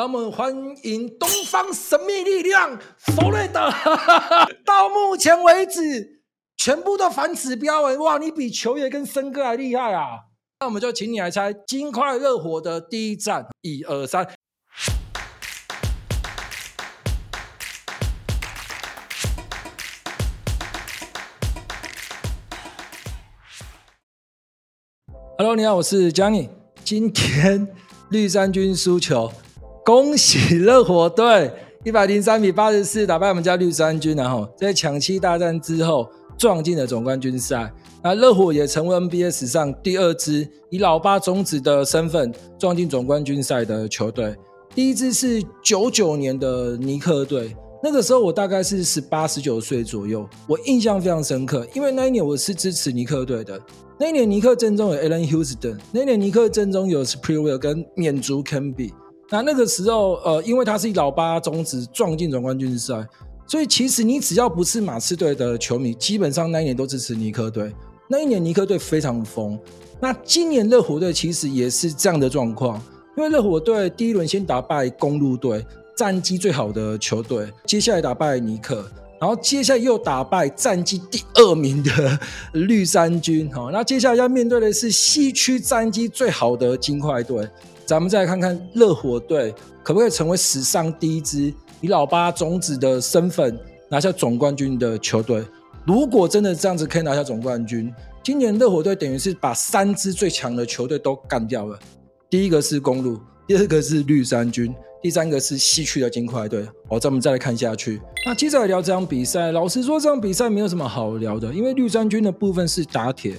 那我們歡迎東方神秘力量弗瑞德。到目前為止，全部都反指標誒，哇！你比球爺跟森哥還厲害啊！那我們就請你來猜金塊熱火的第一戰。一二三。Hello，你好，我是 Johnny。今天綠衫軍輸球。恭喜熱火隊一百零三比八十四打敗我們家綠衫軍，然後在搶七大戰之後撞進了總冠軍賽。那熱火也成為 NBA 史上第二支，以老八種子的身份撞進總冠軍賽的球隊，第一支是九九年的尼克隊。那個時候我大概是十八十九歲左右，我印象非常深刻，因為那一年我是支持尼克隊的。那一年尼克陣中有 Allen Houston，那一年尼克陣中有 Sprewell 跟緬族 Camby 那那個時候，呃，因為他是老八種子，撞進總冠軍賽，所以其實你只要不是馬刺隊的球迷，基本上那一年都支持尼克隊。那一年尼克隊非常瘋。那今年熱火隊其實也是這樣的狀況，因為熱火隊第一輪先打敗公鹿隊，戰績最好的球隊，接下來打敗尼克，然後接下來又打敗戰績第二名的 綠衫軍，好、哦，那接下來要面對的是西區戰績最好的金塊隊。咱們再來看看熱火隊可不可以成為史上第一支以老八種子的身份拿下總冠軍的球隊？如果真的這樣子可以拿下總冠軍，今年熱火隊等於是把三支最強的球隊都幹掉了。第一個是公鹿，第二個是綠衫軍，第三個是西區的金塊隊。好，咱們再來看下去。那接下來聊這場比賽。老實說，這場比賽沒有什麼好聊的，因為綠衫軍的部分是打鐵，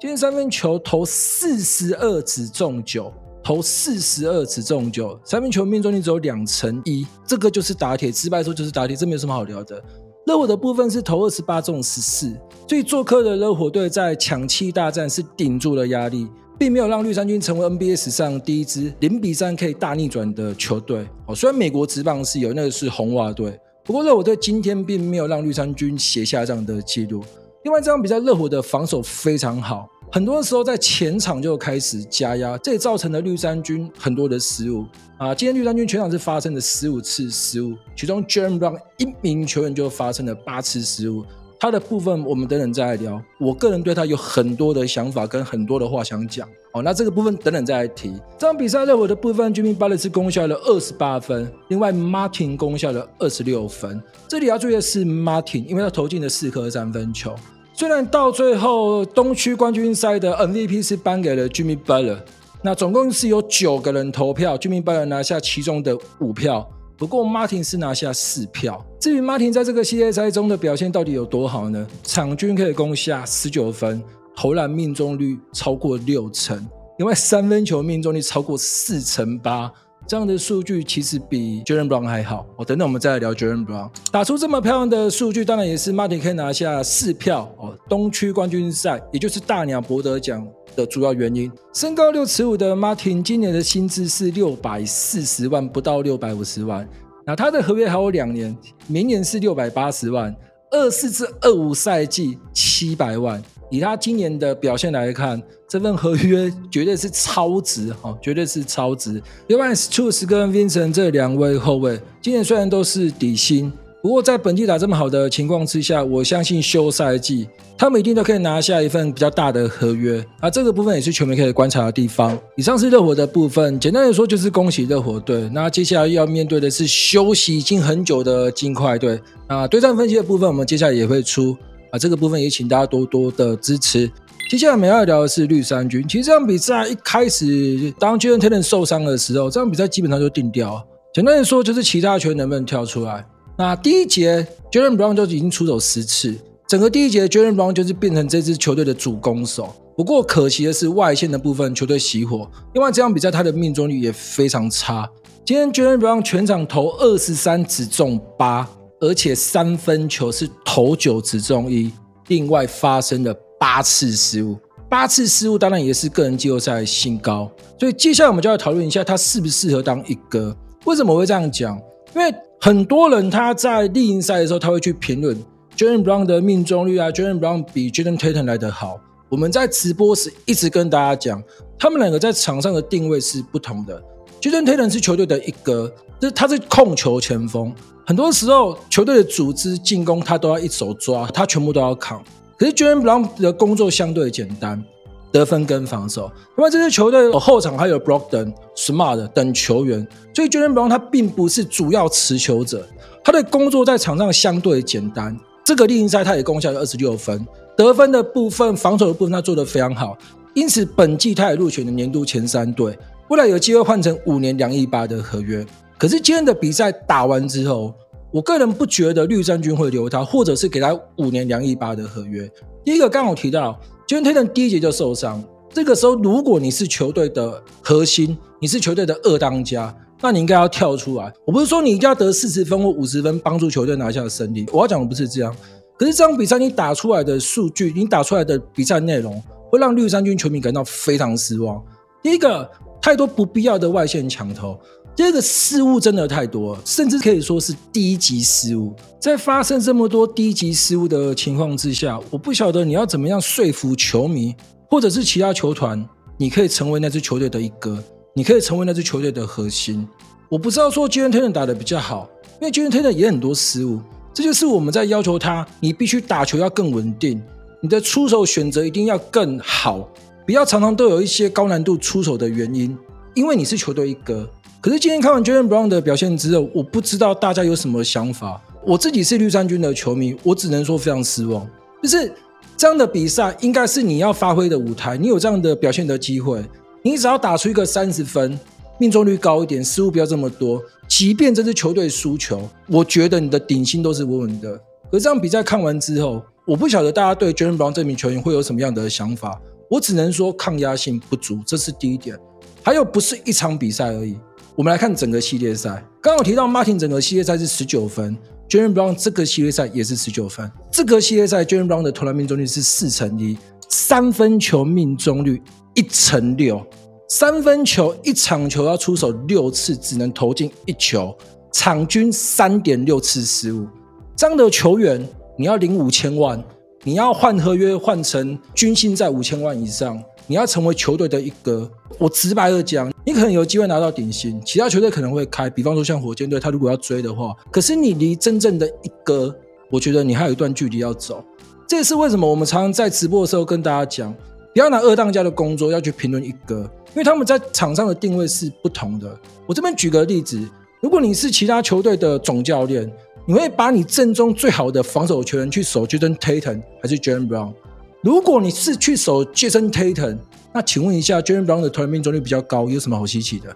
今天三分球投四十二次中九。投四十二次中九，三分球命中率只有兩成一，這個就是打鐵。直白說就是打鐵，這沒有什麼好聊的。熱火的部分是投二十八中十四，所以做客的熱火隊在搶七大戰是頂住了壓力，並沒有讓綠衫軍成為 NBA 史上第一支零比三可以大逆轉的球隊。哦，雖然美國職棒是有那個是紅襪隊，不過熱火隊今天並沒有讓綠衫軍寫下這樣的記錄。另外這場比賽，熱火的防守非常好。很多時候在前場就開始加壓，這也造成了綠衫軍很多的失誤啊！今天綠衫軍全場是發生了十五次失誤，其中 Jaylen Brown 一名球員就發生了八次失誤。他的部分我們等等再來聊，我個人對他有很多的想法跟很多的話想講。哦，那這個部分等等再來提。這場比賽在我的部分，Jimmy Butler 攻下了二十八分，另外 Martin 攻下了二十六分。這裡要注意的是 Martin，因為他投進了四顆三分球。雖然到最後東區冠軍賽的 MVP 是頒給了 Jimmy Butler，那總共是有九個人投票，Jimmy Butler 拿下其中的五票，不過 Martin 是拿下四票。至於 Martin 在這個系列賽中的表現到底有多好呢？場均可以攻下十九分，投籃命中率超過六成，另外三分球命中率超過四成八。這樣的數據其實比 Jaylen Brown 還好哦。等等，我們再來聊 Jaylen Brown。打出這麼漂亮的數據，當然也是 Martin 可以拿下四票哦。東區冠軍賽，也就是大鳥博德獎的主要原因。身高六尺五的 Martin 今年的薪資是六百四十萬，不到六百五十萬。那他的合約還有兩年，明年是六百八十萬，二四至二五賽季七百萬。以他今年的表現來看，這份合約絕對是超值哈、哦，絕對是超值。另外 Strus 跟 Vincent 這兩位後衛，今年雖然都是底薪，不過在本季打這麼好的情況之下，我相信休賽季他們一定都可以拿下一份比較大的合約。啊，這個部分也是球迷可以觀察的地方。以上是熱火的部分，簡單的說就是恭喜熱火隊。那接下來要面對的是休息已經很久的金塊隊。啊，對戰分析的部分，我們接下來也會出。啊、這個部分也請大家多多的支持。接下來我們要聊的是綠衫軍。其實這場比賽一開始，當 Jayson Tatum 受傷的時候，這場比賽基本上就定調。簡單的說，就是其他球員能不能跳出來。那第一節，Jaylen Brown 就已經出手十次，整個第一節，Jaylen Brown 就是變成這支球隊的主攻手。不過可惜的是，外線的部分球隊熄火，另外這場比賽他的命中率也非常差。今天 Jaylen Brown 全場投二十三只中八。而且三分球是投九只中一，另外發生了八次失誤，八次失誤當然也是個人季後賽新高。所以接下來我們就要討論一下他適不適合當一哥？為什麼我會這樣講？因為很多人他在例行賽的時候，他會去評論 Jaylen Brown 的命中率啊，Jaylen Brown 比 Jayson Tatum 來得好。我們在直播時一直跟大家講，他們兩個在場上的定位是不同的。Jayson Tatum 是球隊的一哥。這他是控球前鋒，很多時候球隊的組織進攻他都要一手抓，他全部都要扛。可是 j u r i a n Brown 的工作相對簡單，得分跟防守。因為這支球隊的後場還有 b r o c k t n Smart 等球員，所以 j u r i a n Brown 他並不是主要持球者，他的工作在場上相對簡單。這個例行賽他也功效了二十六分，得分的部分、防守的部分他做得非常好，因此本季他也入選了年度前三隊，未來有機會換成五年兩億八的合約。可是今天的比賽打完之後，我個人不覺得綠衫軍會留他，或者是給他五年兩億八的合約。第一個，剛我提到，今天推特第一節就受傷，這個時候如果你是球隊的核心，你是球隊的二當家，那你應該要跳出來。我不是說你一定要得四十分或五十分，幫助球隊拿下勝利。我要講的不是這樣。可是這場比賽你打出來的數據，你打出來的比賽內容，會讓綠衫軍球迷感到非常失望。第一個，太多不必要的外線搶投。第二個失誤真的太多了，甚至可以說是低級失誤。在發生這麼多低級失誤的情況之下，我不曉得你要怎麼樣說服球迷，或者是其他球團，你可以成為那支球隊的一哥，你可以成為那支球隊的核心。我不知道說 Jayson Tatum 打的比較好，因為 Jayson Tatum 也很多失誤。這就是我們在要求他，你必須打球要更穩定，你的出手選擇一定要更好，不要常常都有一些高難度出手的原因，因為你是球隊一哥。可是今天看完 Jaylen Brown 的表現之後，我不知道大家有什麼想法。我自己是綠衫軍的球迷，我只能說非常失望。就是這樣的比賽應該是你要發揮的舞台，你有這樣的表現的機會，你只要打出一個三十分，命中率高一點，失誤不要這麼多，即便這支球隊輸球，我覺得你的頂薪都是穩穩的。可是這樣比賽看完之後，我不曉得大家對 Jaylen Brown 這名球員會有什麼樣的想法。我只能說抗壓性不足，這是第一點。還有不是一場比賽而已。我們來看整個系列賽，剛剛我提到 Martin 整個系列賽是十九分，Jaylen Brown 這個系列賽也是十九分。這個系列賽 Jaylen Brown 的投籃命中率是四成一，三分球命中率一成六，三分球一場球要出手六次，只能投進一球，場均三點六次失誤。這樣的球員，你要領五千萬，你要換合約換成均薪在五千萬以上，你要成為球隊的一個。我直白的講，你可能有機會拿到頂薪，其他球隊可能會開。比方說像火箭隊，他如果要追的話，可是你離真正的一哥，我覺得你還有一段距離要走。這也是為什麼我們常常在直播的時候跟大家講，不要拿二當家的工作要去評論一哥，因為他們在場上的定位是不同的。我這邊舉個例子，如果你是其他球隊的總教練，你會把你陣中最好的防守球員去守 Jayson Tatum 還是 Jaylen Brown？如果你是去守 Jayson Tatum 那請問一下 j a r e y Brown 的團命中率比較高，有什麼好稀奇的？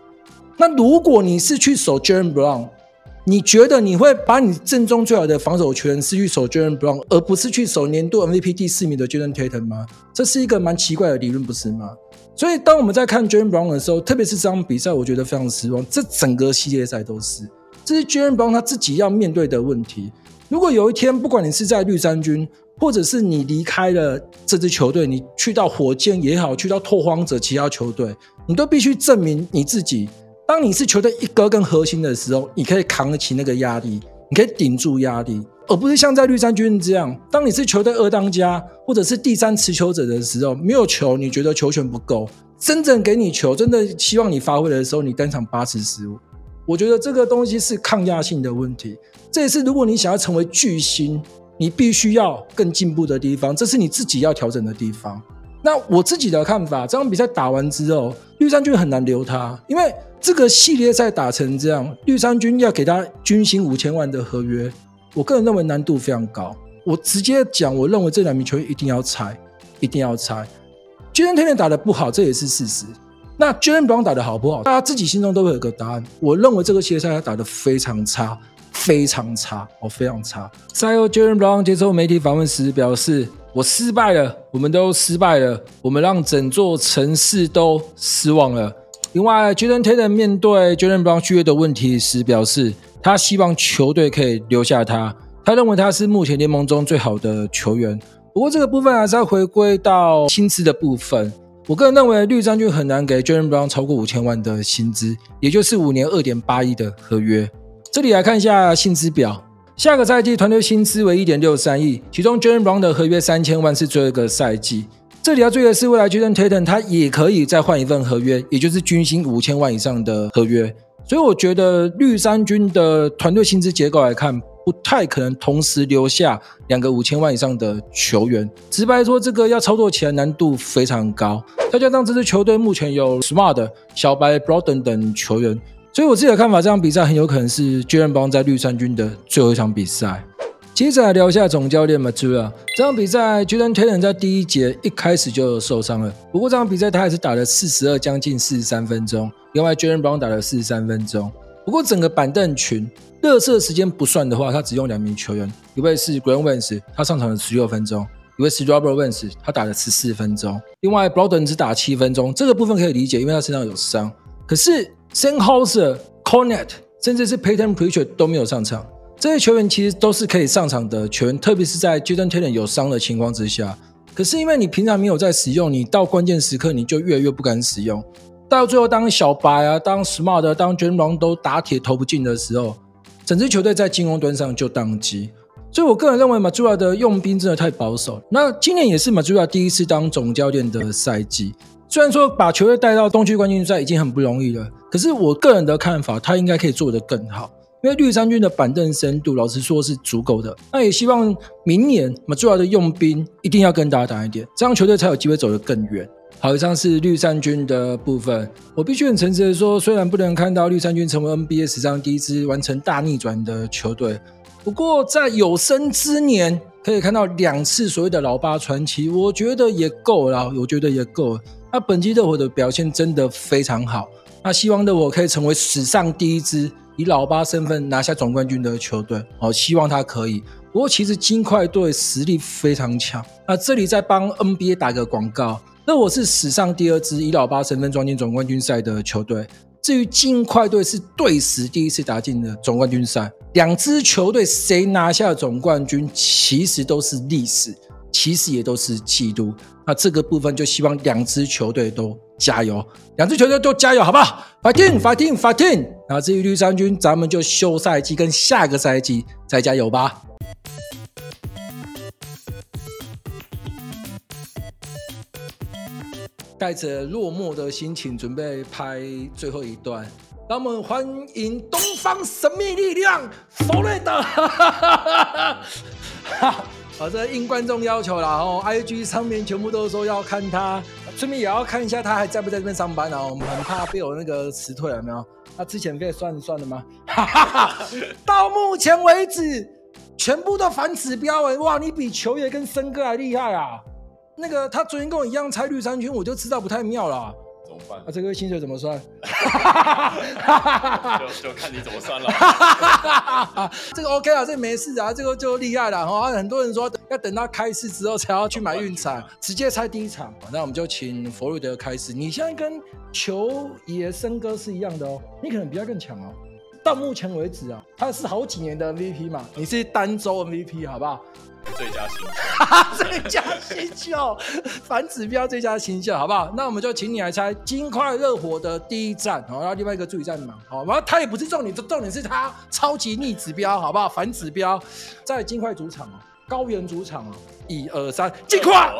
那如果你是去守 j a r e y Brown，你覺得你會把你正中最好的防守權是去守 j a r e y Brown，而不是去守年度 MVP 第四名的 j a r e n t a t d n 嗎？這是一個蠻奇怪的理論，不是嗎？所以當我們在看 j a r e y Brown 的時候，特別是這場比賽，我覺得非常失望。這整個系列賽都是，這是 j a r e n Brown 他自己要面對的問題。如果有一天，不管你是在綠衫軍，或者是你離開了這支球隊，你去到火箭也好，去到拓荒者其他球隊，你都必須證明你自己。當你是球隊一哥跟核心的時候，你可以扛得起那個壓力，你可以頂住壓力，而不是像在綠衫軍這樣。當你是球隊二當家，或者是第三持球者的時候，沒有球你覺得球權不夠，真正給你球，真的希望你發揮的時候，你單場八次失誤。我覺得這個東西是抗壓性的問題。這也是如果你想要成為巨星，你必須要更進步的地方，這是你自己要調整的地方。那我自己的看法，這場比賽打完之後，綠衫軍很難留他，因為這個系列賽打成這樣，綠衫軍要給他均薪五千萬的合約，我個人認為難度非常高。我直接講，我認為這兩名球員一定要拆，一定要拆。JB 天天打得不好，這也是事實。那 JB 不管打得好不好，大家自己心中都會有個答案。我認為這個系列賽他打得非常差。非常差哦，非常差。賽後，Jaylen Brown 接受媒體訪問時表示：“我失敗了，我們都失敗了，我們讓整座城市都失望了。”另外，Jayson Tatum 面對 Jaylen Brown 續約的問題時表示：“他希望球隊可以留下他，他認為他是目前聯盟中最好的球員。”不過，這個部分還是要回歸到薪資的部分。我個人認為，綠衫軍很難給 Jaylen Brown 超過五千萬的薪資，也就是五年二點八億的合約。這裡來看一下薪資表，下個賽季團隊薪資為一點六三億，其中 Jaylen Brown 的合約三千萬是最後一個賽季。這裡要注意的是，未來 Jayson Tatum 他也可以再換一份合約，也就是均薪五千萬以上的合約。所以我覺得綠衫軍的團隊薪資結構來看，不太可能同時留下兩個五千萬以上的球員。直白說，這個要操作起來難度非常高。再加上這支球隊目前有 Smart、小白、Brogdon 等等球員。所以，我自己的看法，這場比賽很有可能是巨人 n 在綠衫軍的最後一場比賽。接着來聊一下總教練 m a t u r a 這場比賽，巨人天人在第一節一開始就有受傷了。不過，這場比賽他還是打了四十二將近四十三分鐘。另外，巨人 n 打了四十三分鐘。不過，整個板凳群熱的時間不算的話，他只用兩名球員，一位是 g r a n w Evans，他上場了十六分鐘；一位是 Robert Evans，他打了十四分鐘。另外，Balden 只打七分鐘。這個部分可以理解，因為他身上有傷。可是，s e n g h o s e r Cornet，甚至是 p a y t o n p r e a c h e r 都沒有上場，這些球員其實都是可以上場的球員，特別是在 j o d e n Taylor 有傷的情況之下，可是因為你平常沒有在使用，你到關鍵時刻你就越來越不敢使用，到最後當小白啊，當 Smart，當 j e n r o n 都打鐵投不進的時候，整支球隊在進攻端上就宕機，所以我個人認為 m a u r a 的用兵真的太保守。那今年也是 Mazura 第一次當總教練的賽季。雖然說把球隊帶到東區冠軍賽已經很不容易了，可是我個人的看法，他應該可以做得更好，因為綠衫軍的板凳深度，老實說是足夠的。那也希望明年我們最好的用兵一定要更大膽一點，這樣球隊才有機會走得更遠。好，以上是綠衫軍的部分。我必須很誠實的說，雖然不能看到綠衫軍成為 NBA 史上第一支完成大逆轉的球隊，不過在有生之年可以看到兩次所謂的老八傳奇，我覺得也夠了。我覺得也夠了。那本季熱火的表現真的非常好，那希望熱火可以成為史上第一支以老八身份拿下總冠軍的球隊。哦，希望他可以。不過其實金塊隊實力非常強。那這裡再幫 NBA 打個廣告，熱火是史上第二支以老八身份闖進總冠軍賽的球隊。至於金塊隊是隊史第一次打進的總冠軍賽，兩支球隊誰拿下總冠軍，其實都是歷史。其實也都是氣度，那這個部分就希望兩支球隊都加油，兩支球隊都加油，好不好？fighting fighting fighting 那至於綠衫軍，咱們就休賽季跟下個賽季再加油吧。帶着落寞的心情，準備拍最後一段。讓我們歡迎東方神秘力量，弗 雷德。 好、啊，這應觀眾要求啦，然、哦、I G 上面全部都是說要看他，順、啊、便也要看一下他還在不在這邊上班呢、啊。我們很怕被我那個辭退了，有沒有？那、啊、之前被算算了嗎？ 到目前為止，全部都反指標哎！哇，你比球爺跟森哥還厲害啊！那個他昨天跟我一樣拆綠衫軍，我就知道不太妙了、啊。那、啊、這個薪水怎麼算？ 就就看你怎麼算了、 啊。這個 OK 啊，這沒事啊，這個就厲害了哈、啊。很多人說要等到開市之後才要去買運彩，啊、直接猜第一場。那我們就請佛瑞德開始。你現在跟球爺、森哥是一樣的哦，你可能比較更強哦。到目前為止啊，他是好幾年的 MVP 嘛，你是單周 MVP、嗯、好不好？最佳新秀， 最佳新秀，反 指標最佳新秀，好不好？那我們就請你來猜金塊熱火的第一戰，好，然後另外一個助理在忙，好，然後他也不是重點，重點是他超級逆指標，好不好？反指標在金塊主場哦，高原主場哦，一二三，金塊。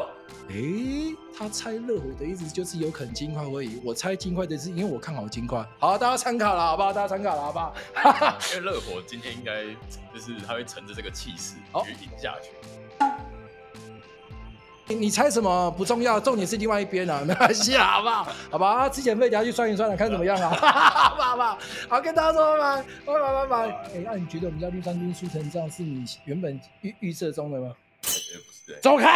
哎、欸，他猜熱火的意思就是有可能金塊而已。我猜金塊的是因為我看好金塊。好，大家參考了，好不好？大家參考了，好不好？因為熱火今天應該就是他會乘着這個氣勢贏下去。你猜什麼不重要，重點是另外一邊啊，沒關係、啊，好不好？好不好？之前被們大家去算一算、啊、看怎麼樣啊，啊 好不好？好，跟大家說拜拜拜拜拜拜。哎，那、欸啊、你覺得我們家綠衫軍輸成這樣是你原本預預設中的嗎？走開！